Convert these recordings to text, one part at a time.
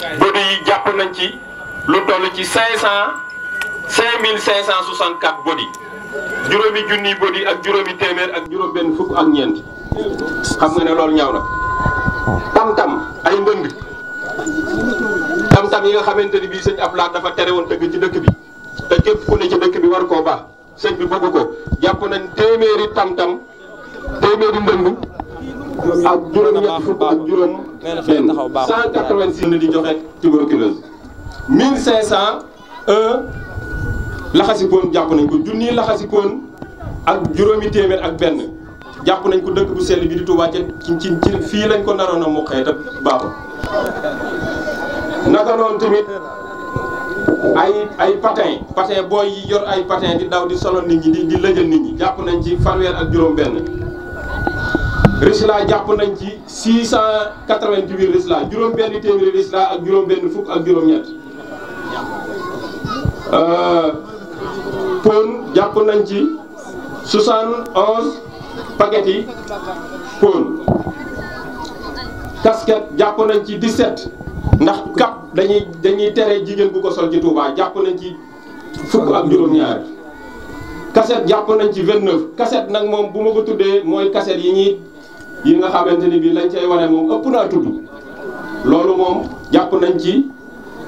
gone yi jàpp nañ ci lu toll ci cinq cent cinq mille cinq cent soixante quatre bodi juróomi junniy bodi ak juróomi téeméer ak juróom benn fukk ak ñeent xam nga ne loolu ñaaw na tam-tam ay mbënd tam-tam yi nga xamante ni bii sëñ Ablaat dafa tere woon tëgg ci dëkk bi te képp ku ne ci dëkk bi war koo baax sëñ bi bëgg ko jàpp nañ téeméeri tam-tam téeméeri mbënd ak juróom-ñett fukk ak juróom benn 186 na di joxe tuberculose 1501 e, laxasikoon jàpp nañ ko junni laxasikoon ak juróomi téeméer ak benn jàpp nañ ko dëkk bu sell bi di Tuubaa ci ci fii lañ ko naroon a muqee te baaxul naka noonu ay ay patin patin booy yi yor ay patin di daw di solo nit ñi di di nit ñi jàpp nañ ci fanweer ak juróom benn Risala jàpp nañ ci 688 Risala juróom-benn téeméeri Risala ak juróom-benn fukk ak juróom-ñett euh, pon jàpp nañ ci 71 paquet yi pon casquette jàpp nañ ci 17 ndax cap dañuy dañuy tere jigéen bu ko sol ci Touba jàpp nañ ci fukk ak juróom-ñaar cassette jàpp nañ ci 29 cassette nag moom bu ma ko tuddee mooy kaset yi ñuy. yi nga xamante ni bii lañ cay wane moom ëpp naa tudd loolu moom jàpp nañ ci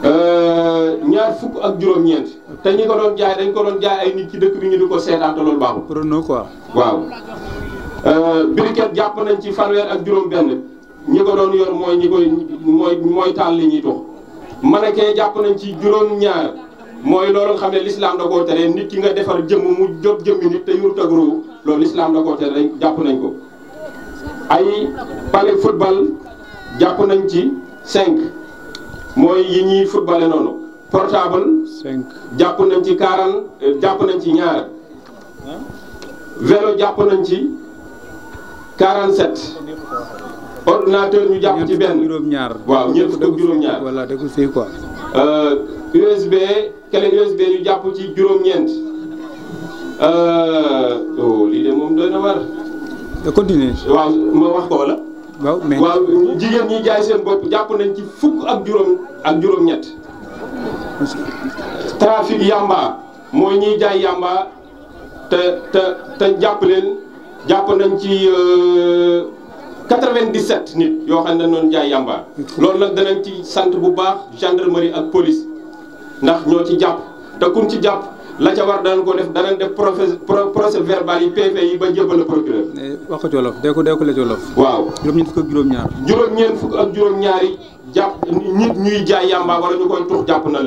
euh, ñaar fukk ak juróom-ñeent te ñi ko doon jaay dañ ko doon jaay ay nit ci dëkk bi ñu di ko seetaan te loolu baaxul. Renault quoi waaw. Euh, briquette jàpp nañ ci fanweer ak juróom-benn ñi ko doon yor mooy ñi koy mooy mooy taal li ñuy tux mannequin jàpp nañ ci juróom-ñaar mooy loolu nga xam ne l'islam da koo tere nit ki nga defar jëmm mu jot jëmmi nit te yurut ak loolu l'islam da koo tere jàpp nañ ko. ay palais football jàpp nañ ci cinq mooy yi ñuy footballé noonu portable. cinq jàpp nañ ci quarante euh, jàpp nañ ci ñaar vélo jàpp nañ ci quarante sept ordinateur ñu jàpp ci benn juróom-ñaar waaw ñeent fukk juróom-ñaar voilà da ko sëy USB clé USB ñu jàpp ci juróom-ñeent euh, oh lii de moom doy na continuer waaw ma wax ko wala. waaw mais waaw jigéen ñi jaay seen bopp jàpp nañ ci fukk ak juróom ak juróom-ñett. trafic yamba mooy ñiy jaay yamba te te jàpp leen jàpp nañ ci 97 euh, nit yoo xam ne noonu jaay yamba. loolu nag danañ ci sant bu baax gendarmerie ak police ndax ñoo ci jàpp te kuñ ci jàpp. la ca war danañ ko def danañ def procès verbal yi PV yi ba jébbal a procureur. wax ko jolof ko dee ko la jolof. waaw juróom-ñeent fukk juróom-ñaar. juróom-ñeent juróom-ñaar jàpp nit ñuy jaay yàmba ñu koy tux jàpp na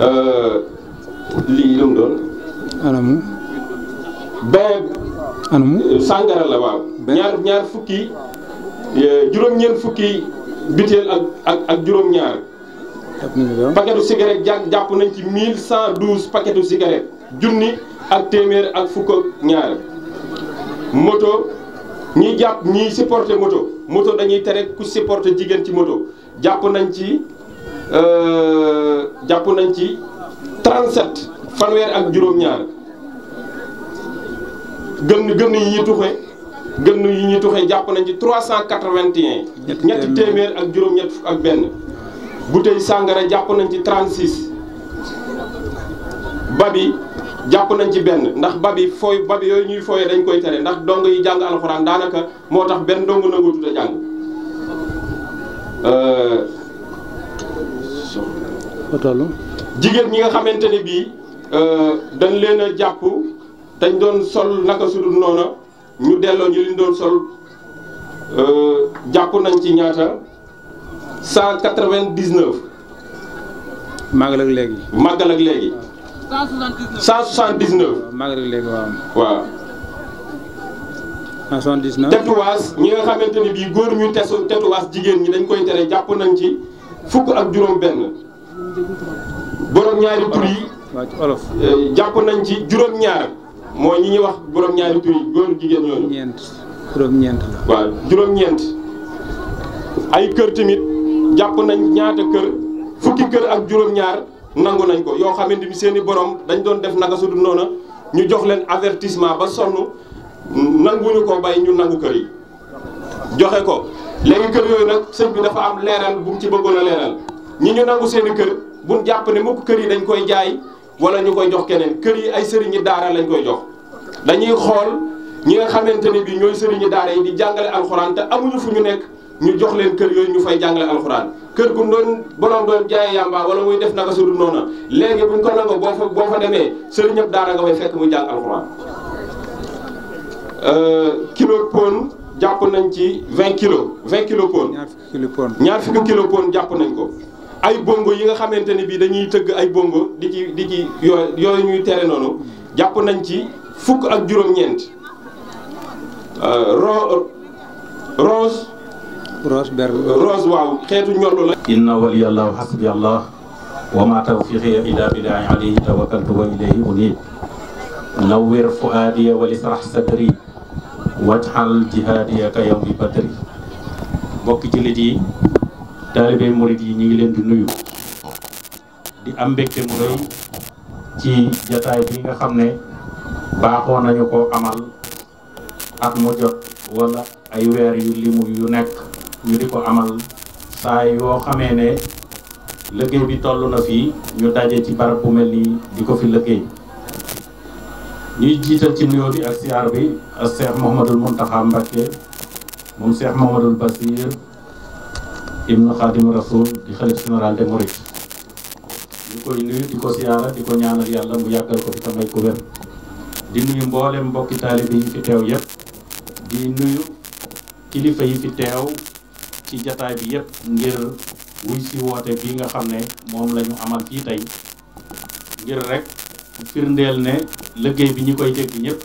euh, euh, la waaw. ñaar ñaar fukki euh, juróom fukki biteel ak ak juróom-ñaar. paquetu cigarette jàpp jàpp nañ ci 1112 paquetu cigarette junni ak téeméer ak fukk ak ñaar moto ñi jàpp ñiy supporter moto moto dañuy tere ku supporter jigéen ci moto jàpp nañ ci euh, jàpp nañ ci 37 fanweer ak juróom-ñaar gën gën yi ñuy tuxe gën yi ñuy tuxe jàpp nañ ci 381. ñetti téeméer ñetti téeméer ak juróom fukk ak benn. bouteille sàngara jàpp nañ ci 36 babi jàpp nañ ci benn ndax babi fooy babi yooyu ñuy fooyee dañ koy tere ndax dongo yi jàng alxuraan daanaka moo tax benn dong nangu tudd a euh, jigéen ñi nga xamante ne bii euh, dañ leen a jàpp dañ doon sol naka sudul noona ñu delloo ñu liñ doon sol euh, jàpp nañ ci ñaata 199. màggal ak léegi. màggal ak léegi. 179 179. màggal ak léegi waaw. waaw. 179. tetuwaas ñi nga xamante ni bii góor ñu tesu tetuwaas jigéen ñi dañ koy tere jàpp nañ ci fukk ak juróom-benn borom ñaari tur yi. olof eh, jàpp nañ ci juróom-ñaar mooy ñi ñuy wax borom ñaari tur góor jigéen ñooñu. ñeent juróom-ñeent waaw juróom-ñeent ay kër tamit. jàpp nañ ñaata kër fukki kër ak juróom-ñaar nangu nañ ko yoo xamante ni seeni borom dañ doon def nag su dul noona ñu jox leen avertissement ba sonn nanguñu ko bay ñu nangu kër yi joxe ko léegi kër yooyu nag sëñ bi dafa am leeral bu ci bëggoon a leeral ñi ñu seen i kër buñ jàpp ne mukk kër yi dañ koy jaay wala ñu koy jox keneen kër yi ay sëriñi daara lañ koy jox dañuy xool ñi nga xamante ne bi ñooy sëriñi daara yi di jàngale alxuraan te amuñu fu ñu nekk ñu jox leen kër yooyu ñu fay jàngale alxuraan kër gu doon borom doon jaayee yàmbaa wala muy def naka su dul noonu léegi buñ ko nangoo boo fa boo fa demee sëriñ ñëpp daara nga fay fekk muy jàng alxuraan. Euh, kilo pon jàpp nañ ci vingt kilos 20 kilo pon ñaar fukki kilo pon jàpp nañ ko. ay bongo yi nga xamante ni bii dañuy tëgg ay bongo di ci di ci yooyu yooyu ñuy tere noonu jàpp nañ ci fukk ak juróom-ñeent. Euh, rose. rose ber rose waaw xeetu ñollu la inna waliyallahu hasbi allah wa ma tawfiqiya illa billahi alayhi tawakkaltu wa ilayhi unib nawwir fuadiya wa lisrah sadri wajhal jihadiya ka yawmi badri mbokki jullit yi taalibe murit yi ñu ngi leen di nuyu di am mbégte mu ci jataay bi nga xam ne baaxoo nañu ko amal at mu jot wala ay weer yu limu yu nekk ñu di ko amal saa yoo xamee ne liggéey bi toll na fii ñu daje ci barab bu mel nii di ko fi liggéey ñuy jiital ci nuyoo bi ak siyaar bi ak Cheikh Mouhamadul Mountakha Mbacké moom Cheikh Mouhamadul Basir ibnu Khadim Rasoul di ñu koy nuyu di ko siyaara di ko ñaanal yàlla mu yàggal ko fi tamay ko di nuyu mboolem mbokki taalibe yi fi teew yépp di nuyu kilifa yi fi teew ci jataay bi yëpp ngir wuy si woote bi nga xam ne moom lañu ñu amal fii tey ngir rek firndeel ne liggéey bi ñi koy dégg ñëpp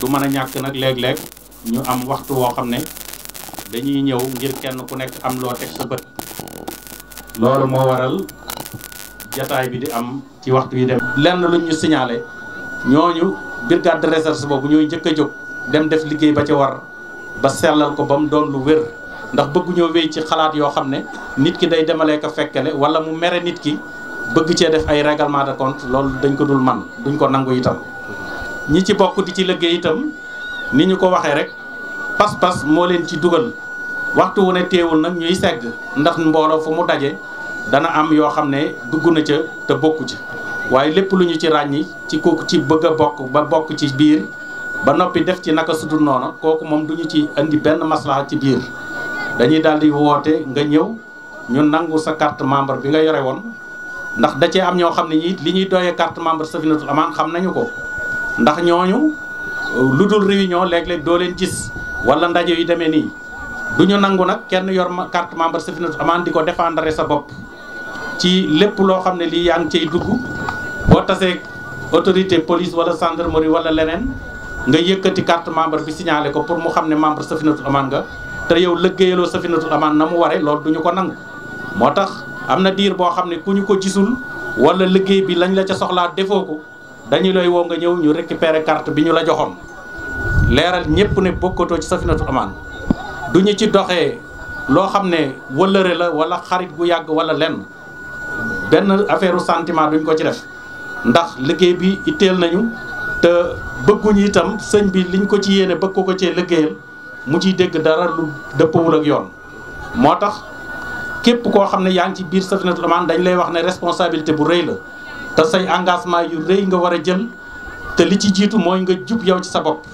du mën a ñàkk nag léeg-léeg ñu am waxtu woo xam ne dañuy ñëw ngir kenn ku nekk am loo teg sa bët loolu moo waral jataay bi di am ci waxtu yi dem lenn luñ ñu signalé ñooñu brigade de recherche boobu ñooy njëkk a jóg dem def liggéey ba ca war ba sellal ko ba mu doon lu wér ndax bëgguñoo wéy ci xalaat yoo xam ne nit ki day demalee ko fekkale wala mu mere nit ki bëgg cee def ay règlement de compte loolu dañ ko dul man duñ ko nangu itam ñi ci bokk di ci liggéey itam ni ñu ko waxee rek pas-pas moo leen ci dugal waxtu wu ne teewul nag ñuy segg ndax mbooloo fu mu daje dana am yoo xam ne dugg na ca te bokku ci waaye lépp lu ñu ci ràññi ci kooku ci bëgg bokk ba bokk ci biir ba noppi def ci naka sudul noonu kooku moom duñu ci indi benn maslaha ci biir dañuy daal di woote nga ñëw ñu nangu sa carte membre bi nga yore woon ndax da cee am ñoo xam ne ñi li ñuy doyee carte membre Safinatul Amaan xam nañu ko ndax ñooñu euh, lu dul réunion léeg-léeg doo leen gis wala ndaje yu demee nii du ñu nangu nag kenn yor carte membre Safinatul Amaan di ko défendre sa bopp ci lépp loo xam ne lii yaa ngi cay dugg boo tasee autorité police wala gendarmerie wala leneen nga yëkkati carte membre bi signalé ko pour mu xam ne membre Safinatul Amaan nga te yow lëggéeyaloo safinatul amaan na mu ware loolu du ñu ko nangu moo tax am na diir boo xam ne ku ñu ko gisul wala liggéey bi lañ la ca soxlaa defoo ko dañu lay woo nga ñëw ñu récupérer carte bi ñu la joxoon leeral ñëpp ne bokkatoo ci safinatul amaan du ñu ci doxee loo xam ne wëllëre la wala xarit gu yàgg wala lenn benn affaire u sentiment duñ ko ci def ndax liggéey bi itteel nañu te bëgguñu itam sëñ bi liñ ko ci yéene bëgg ko ko cee liggéeyal mu ciy dégg dara lu dëppawul ak yoon moo tax képp koo xam ne yaa ngi ci biir safinatul amaan dañ lay wax ne responsabilité bu rëy la te say engagement yu rëy nga war a jël te li ci jiitu mooy nga jub yow ci sa bopp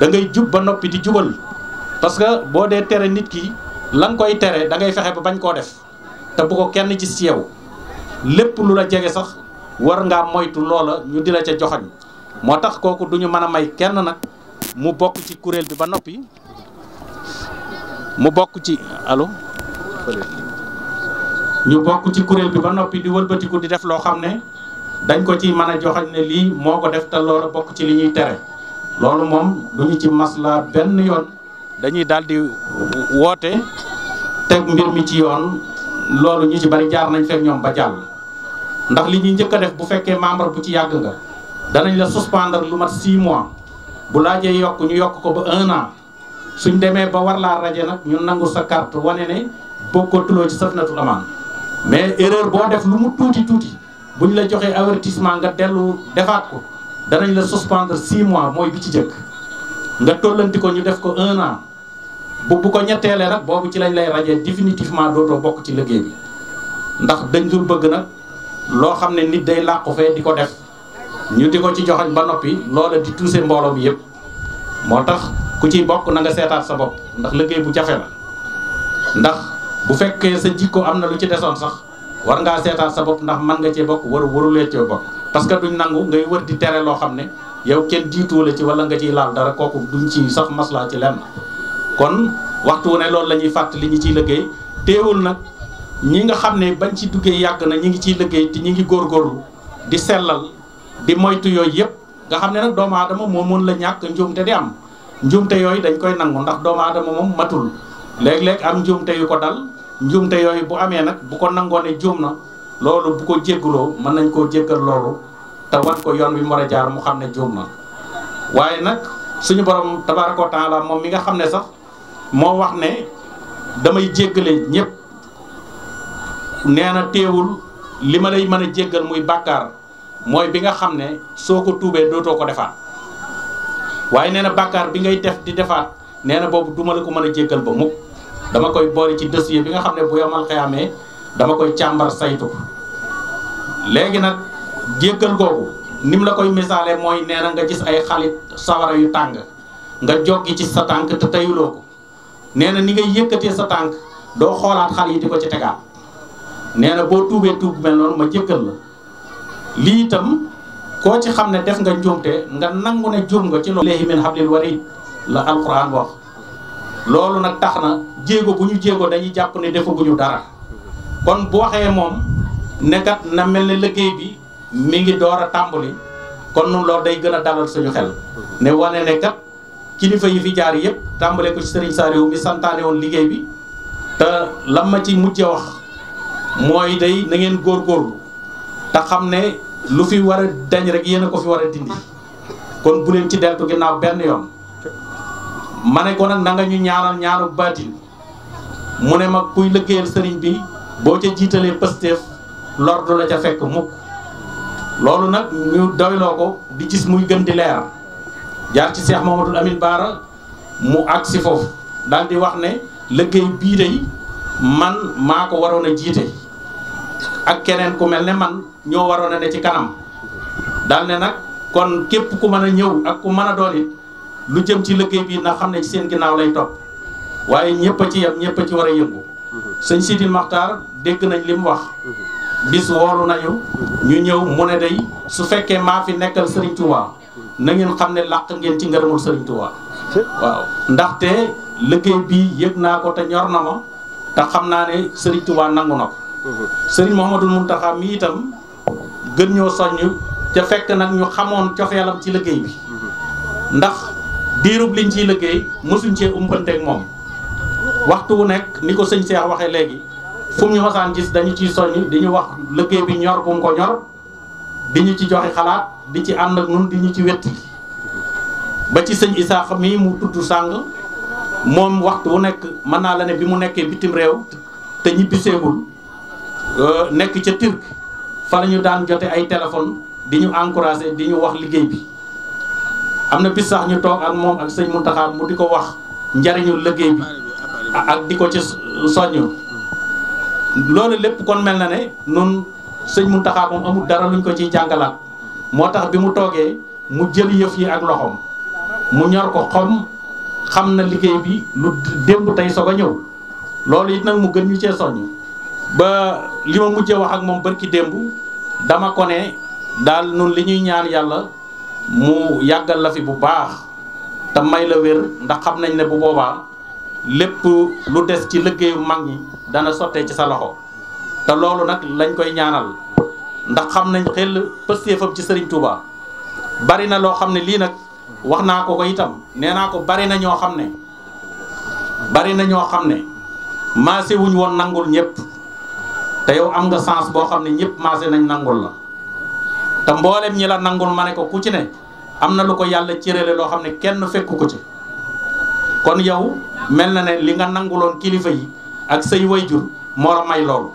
da ngay jub ba noppi di jubal parce que boo dee tere nit ki la nga koy tere dangay fexe ba bañ koo def te bu ko kenn ci yow lépp lu la jege sax war ngaa moytu loola ñu di la ca joxañ moo tax kooku duñu mën a may kenn nag mu bokk ci kuréel bi ba noppi mu bokk ci allo ñu bokk ci kuréel bi ba noppi di wëlbatiku di def loo xam ne dañ ko ci mën a joxañ ne lii moo ko def te loola bokk ci li ñuy tere loolu moom ñu ci maslaa benn yoon dañuy daal di woote teg mbir mi ci yoon loolu ñu ci bari jaar nañ fekk ñoom ba jàll ndax li ñuy njëkk def bu fekkee membre bu ci yàgg nga danañ la suspendre lu mat 6 mois bu laajee yokk ñu yokk ko ba un suñ demee ba war laa raje nag ñu nangu sa carte wane ne bokkatuloo ci safinatul amaan mais erreur boo def lu mu tuuti tuuti buñ la joxee avertissement nga dellu defaat ko danañ la suspendre 6 mois mooy bi ci jëkk nga tollanti ko ñu def ko un an bu bu ko ñetteelee nag boobu ci lañ lay raje définitivement dootoo bokk ci liggéey bi ndax dañ dul bëgg nag loo xam ne nit day làqu fee di ko def ñu di ko ci joxoñ ba noppi loola di tuuse mbooloo bi yëpp moo tax ku ciy bokk na nga seetaat sa bopp ndax liggéey bu jafe la ndax bu fekkee sa jikko am na lu ci desoon sax war ngaa seetaat sa bopp ndax mën nga cee bokk war warulee cee bokk parce que duñ nangu ngay wër di tere loo xam ne yow kenn jiituwu la ci wala nga ciy laal dara kooku duñ ci sax maslaa ci lenn kon waxtu wu ne loolu lañuy ñuy fàttali ñu ciy liggéey teewul nag ñi nga xam ne bañ ci duggee yàgg na ñi ngi ciy liggéey te ñi ngi góorgóorlu di sellal di moytu yooyu yëpp nga xam ne nag doomu aadama moo mën la ñàkk njuumte di am njuumte yooyu dañ koy nangu ndax doomu aadama moom matul lekk léeg am njuumte yu ko dal njuumte yooyu bu amee nag bu ko nangoonee ne juum na loolu bu ko jégguloo mën nañ koo jéggal loolu te wan ko yoon wi mu a jaar mu xam ne juum na waaye nag suñu borom tabaaraka wa moom mi nga xam ne sax moo wax ne damay jéggale ñëpp nee na teewul li ma lay mën a jéggal muy bàkkaar mooy bi nga xam ne soo ko tuubee dootoo ko defaat waaye nee na bàkkaar bi ngay def di defaat nee na boobu duma la ko mën a jéggal ba mukk dama koy boole ci dossier bi nga xam ne bu yomal xëyaamee dama koy càmbar saytu léegi nag jéggal googu ni mu la koy misaale mooy nee na nga gis ay xalit sawara yu tàng nga joggi ci sa tànk te teyuloo ko nee na ni ngay yëkkatee sa tànk doo xoolaat xal di ko ci tegaat nee na boo tuubee tuub mel noonu ma jéggal la lii itam koo ci xam ne def nga njuumte nga nangu ne juum nga ci loolu léegi min hablil warid la alquran wax loolu nag tax na jéego bu ñu jéego dañuy jàpp ne defaguñu dara kon bu waxee moom nekkat na mel ne liggéey bi mi ngi door a tàmbali kon nun lool day gën a dalal suñu xel ne wane ne kat kilifa yi fi jaar yëpp tàmbale ko ci sëriñ Saliou mi santaane woon liggéey bi te lam ma ci mujje wax mooy day na ngeen góorgóorlu te xam ne lu fi war a dañ rek yéen a ko fi war a dindi kon bu leen ci deltu ginnaaw benn yoon ma ne ko nag na nga ñu ñaanal ñaanu baatin mu ne mag kuy liggéeyal sëriñ bi boo ca jiitalee Pastef lor du la ca fekk mukk loolu nag ñu doyloo ko di gis muy gën di leera jaar ci Cheikh Mamadou Amine Baara mu àgg foofu daldi wax ne liggéey bii day man maa ko waroon a jiite ak keneen ku mel ne man ñoo waroon a ne ci kanam daal ne nag kon képp ku mën a ñëw ak ku mën a doon it lu jëm ci liggéey bii na xam ne ci seen ginnaaw lay topp waaye ñëpp a ci yem ñëpp a ci war a yëngu sëñ Sidi Maxtaar dégg nañ li mu wax bis woolu nañu ñu ñëw mu ne dey su fekkee maa fi nekkal Serigne Touba na ngeen xam ne làq ngeen ci ngërëmul Serigne Touba waaw ndaxte liggéey bi yëg naa ko te ñor na ma te xam naa ne Serigne Touba nangu na ko Serigne Mouhamadou Mountakha mi itam gën ñoo soññ ca fekk nag ñu xamoon cofeelam ci liggéey bi ndax diirub liñ ciy liggéey mosuñ cee umpanteeg moom waxtu wu nekk ni ko sëñ Seex waxee léegi fu mu ñu masaan gis dañu ciy soññ di ñu wax liggéey bi ñor bu mu ko ñor di ñu ci joxe xalaat di ci ànd ak ñun di ñu ci wetti ba ci sëñ Isaaxa mii mu tudd sàng moom waxtu wu nekk mën naa la ne bi mu nekkee bitim réew te ñibbiseegul euh, nekk ca Turquie fa la ñu daan jote ay téléphone di ñu encouragé di ñu wax liggéey bi am na bis sax ñu toog ak moom ak sëñ Muntaxa mu di ko wax njariñu liggéey bi ak di ko ci soññu loolu lépp kon mel na ne nun sëñ Muntaxa moom amul dara luñ ko ci jàngalaat moo tax bi mu toogee mu jël yëf yi ak loxoom mu ñor ko xom xam na liggéey bi lu démb tey soog a ñëw loolu it nag mu gën ñu cee soññ ba li ma mujjee wax ak moom ci démb dama ko ne daal nun li ñuy ñaan yàlla mu yàggal la fi bu baax te may la wér ndax xam nañ ne bu boobaa lépp lu des ci liggéeyu mag ñi dana sotte ci sa loxo te loolu nag lañ koy ñaanal ndax xam nañ xel pëstéefam ci Serigne Touba bari na loo xam ne lii nag wax naa ko ko itam nee naa ko bari na ñoo xam ne bari na ñoo xam ne maase wuñ woon nangul ñëpp. te yow am nga sens boo xam ne ñëpp maase nañ nangul la te mboolem ñi la nangul ma ne ko ku ci ne am na lu ko yàlla cërale loo xam ne kenn fekku ko ci kon yow mel na ne li nga nanguloon kilifa yi ak say wayjur moo la may loolu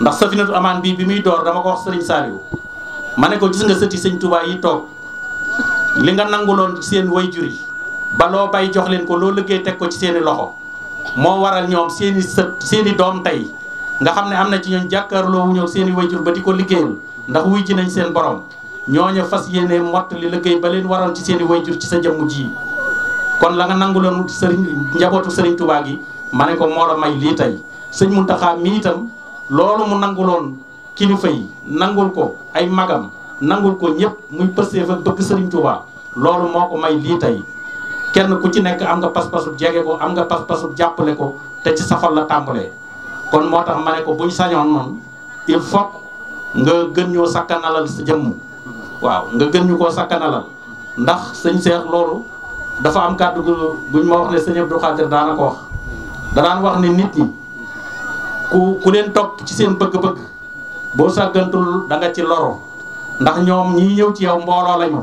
ndax safinatu amaan bii bi muy door dama ko wax sëriñ Saliou ma ne ko gis nga sëti sëñ Touba yi toog li nga nanguloon seen wayjur yi ba loo bay jox leen ko loo liggéey teg ko ci seeni loxo moo waral ñoom seeni sët seeni doom tey nga xam ne am na ci ñooñ jàkkaarloo wu ñëw seen i wayjur ba di ko liggéeyal ndax wuy ji nañ seen ñoo ñooñu fas yéene mottali liggéey ba leen waroon ci seen i wayjur ci sa jëmm jii kon la nga nangu loon sëriñ njabootu sëriñ Tuubaa gi ma ne ko moo la may lii tey sëñ Muntaxa mi itam loolu mu nanguloon kilifa yi nangul ko ay magam nangul ko ñëpp muy pësteef ak bëgg sëriñ Tuubaa loolu moo ko may lii tey kenn ku ci nekk am nga pas-pasu jege ko am nga pas-pasu jàppale ko te ci safal la tàmbalee kon moo tax ma ne ko buñ sañoon noonu il faut nga gën ñoo sakkanalal sa jëmm waaw nga gën ñu koo sakkanalal ndax sëñ Seex loolu dafa am kàddu gu buñ ma wax ne sëñ Abdou Khadir daana ko wax danaan wax ne nit ñi ku ku leen topp ci seen bëgg-bëgg boo sàggantul danga ci loro ndax ñoom ñi ñëw ci yow mbooloo lañu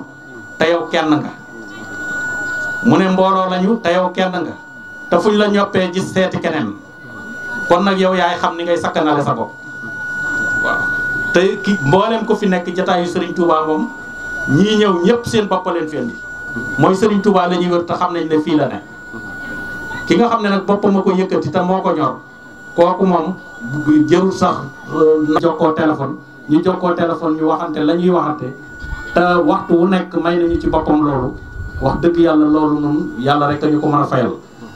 te yow kenn nga mu ne mbooloo lañu te yow kenn nga te fuñ la ñoppee gis seeti keneen kon nag yow yaay xam ni ngay sakkanale sa bopp waaw te ki mboolem ko fi nekk jataayu Serigne Touba moom ñii ñëw ñëpp seen bopp leen fi mooy Serigne Touba lañuy ñuy te xam nañ ne fii la ne ki nga xam ne nag boppam a ko yëkkati te moo ko ñor kooku moom jërul sax euh, na jokkoo téléphone ñu jokkoo téléphone ñu waxante la ñuy waxante te waxtu nekk may nañu ci boppam loolu wax dëgg yàlla loolu noonu yàlla rek a ñu ko mën a fayal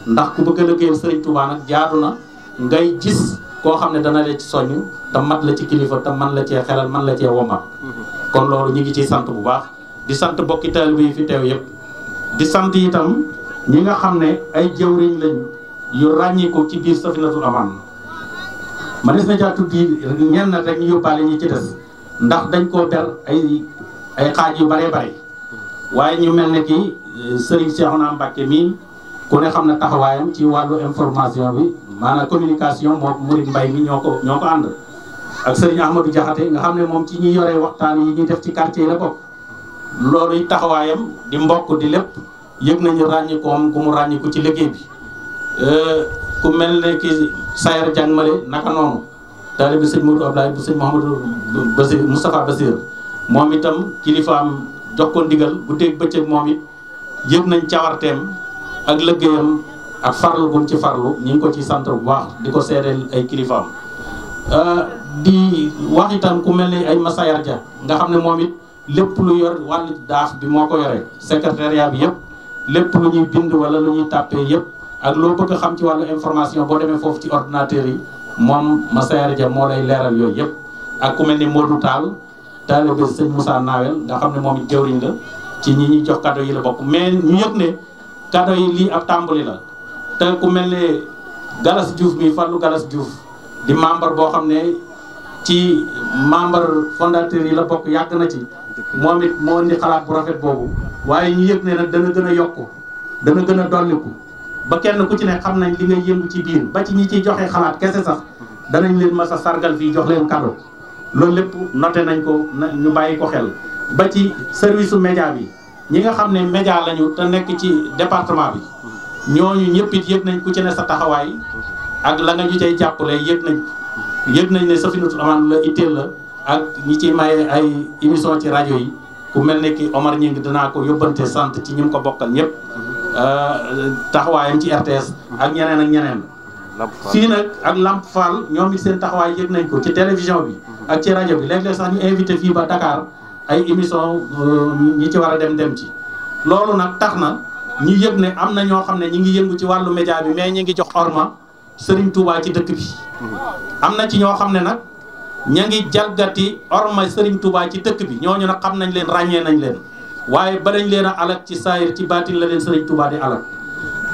ndax ku bëgg a liggéeyal Serigne Touba nag jaadu na. ngay gis koo xam ne dana la ci soññ te mat la ci kilifa te man la cee xelal man la cee wommat mm-hmm. kon loolu ñu ngi ciy sant bu baax di sant bokki taalibe yi fi teew yëpp di sant itam ñi nga xam ne ay jëwriñ lañ yu ràññiku ci biir Safinatul Amaan ma des na caa tudd ñenn rek ñu yóbbaale ñi ci des ndax dañ koo ber ay ay xaaj yu bare bare waaye ñu mel ne kii eh, Serigne Cheikhouna Mbacké mii ku ne xam ne taxawaayam ci wàllu information bi maanaam communication moom Mouride Mbaye mi ñoo ko ñoo ko ànd ak Serigne Ahmadou Diakhaté nga xam ne moom ci ñu yoree waxtaan yi ñu def ci quartier yi la bokk loolu taxawaayam di mbokk di lépp yëg nañu ràññikoom ku mu ràññiku ci liggéey bi euh, ku mel ne ki Sayar Diagne Male naka noonu daale bi sëñ Modou Abdoulaye bu sëñ Mouhamadou Basir Moustapha Basir moom itam kilifaam jox ko ndigal bu dégg bëccëg moom yi yëg nañ cawarteem ak liggéeyam ak farlu bu ci farlu ñu ngi ko ci sant bu baax di ko seedeel ay kilifaam euh, di wax ku mel ni ay masayar ja nga xam ne moom it lépp lu yor wàllu daaf bi moo ko yore secrétariat bi yëpp lépp lu ñuy bind wala lu ñuy tàppee yëpp ak loo bëgg a xam ci wàllu information boo demee foofu ci ordinateur yi moom masayar ja moo lay leeral yooyu yëpp ak ku mel ni taal Tall taalibe sëñ Moussa Nawel nga xam ne moom it jëwriñ la ci ñi ñuy jox cadeau yi la bokk mais ñu yëg ne yi lii ab tàmbali la te ku mel ne Galas Diouf mi Fallou Galas Diouf di membre boo xam ne ci membre fondateur yi la bokk yàgg na ci moom it moo indi xalaat bu rafet boobu waaye ñu yëg ne nag dana gën a yokku dana gën a dolliku ba kenn ku ci ne xam nañ li ngay yëngu ci biir ba ci ñi ciy joxe xalaat kese sax danañ leen mas a sargal fii jox leen cadeau loolu lépp noté nañ ko ñu bàyyi ko xel ba ci service su média bi ñi nga xam ne média lañu te nekk ci département bi ñooñu ñëpp it yëg nañ ku ci ne sa taxawaay ak la nga ñu cay jàppale yëg nañ yëg nañ ne Safinatul Amaan la itteel la ak ñi ci maye ay émission ci rajo yi ku mel ne ki Omar Ñing danaa ko yóbbante sant ci ñi ko bokkal ñëpp euh, taxawaayam ci RTS ak ñeneen ak ñeneen fii nag ak Lamp Fall ñoom it seen taxawaay yëg nañ ko ci télévision bi ak ci rajo bi léeg-léeg sax ñu invité fii ba Dakar ay émission euh, ñi ci war a dem dem ci loolu nag tax na ñi yëg ne am na ñoo xam ne ñi ngi yëngu ci wàllu média bi mais ñi ngi jox orma Serigne Touba ci dëkk bi am na ci ñoo xam ne nag ña ngi jalgati orma Serigne Touba ci dëkk bi ñooñu nag xam nañ leen ràññee nañ leen waaye ba dañ leen a alak ci saayir ci baatin la leen Serigne Touba di alak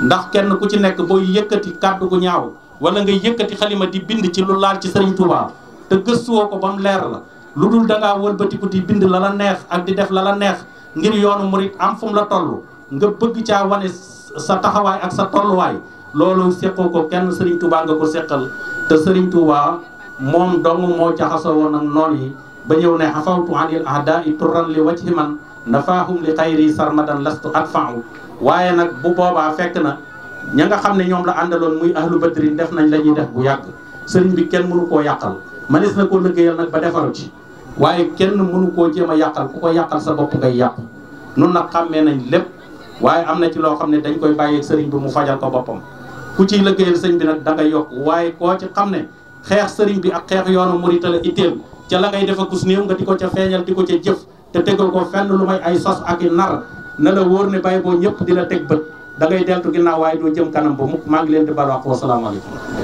ndax kenn ku ci nekk booy yëkkati kàddu gu ñaaw wala nga yëkkati xalima di bind ci lu laal ci Serigne Touba te gëstuwoo ko ba mu leer la lu dul dangaa wëlbatiku di bind la la neex ak di def la la neex ngir yoonu murit am fu mu la toll nga bëgg caa wane sa taxawaay ak sa tolluwaay loolu seqoo ko kenn Serigne Touba nga ko seqal te Serigne Touba moom dong moo jaxasoo woon ak noon yi ba ñëw ne xafawtu anil ahda i turran li wajhi man nafaahum li xayri sarmadan lastu adfa'u waaye nag bu boobaa fekk na ña nga xam ne ñoom la àndaloon muy ahlu badrin def nañ la ñuy def bu yàgg sëriñ bi kenn mënu koo yàqal manis na koo liggéeyal nag ba defaru ci waaye kenn mënu koo jéem a yàqal ku ko yàqal sa bopp ngay yàqu nun nag xàmmee nañ lépp waaye am na ci loo xam ne dañ koy bàyyi sëriñ bi mu fajal ko boppam ku ci lëggéeyal sëñ bi nag da yokk waaye koo ci xam ne xeex sëriñ bi ak xeex yoonu murita la itteel ca la ngay defa kus néew nga di ko ca feeñal di ko ca jëf te tegal koo fenn lu may ay sos ak i nar na la wóor ne bàyyi boo ñëpp di la teg bët da ngay deltu ginnaaw waaye doo jëm kanam ba mukk maa ngi leen di balwaq wasalaamaaleykum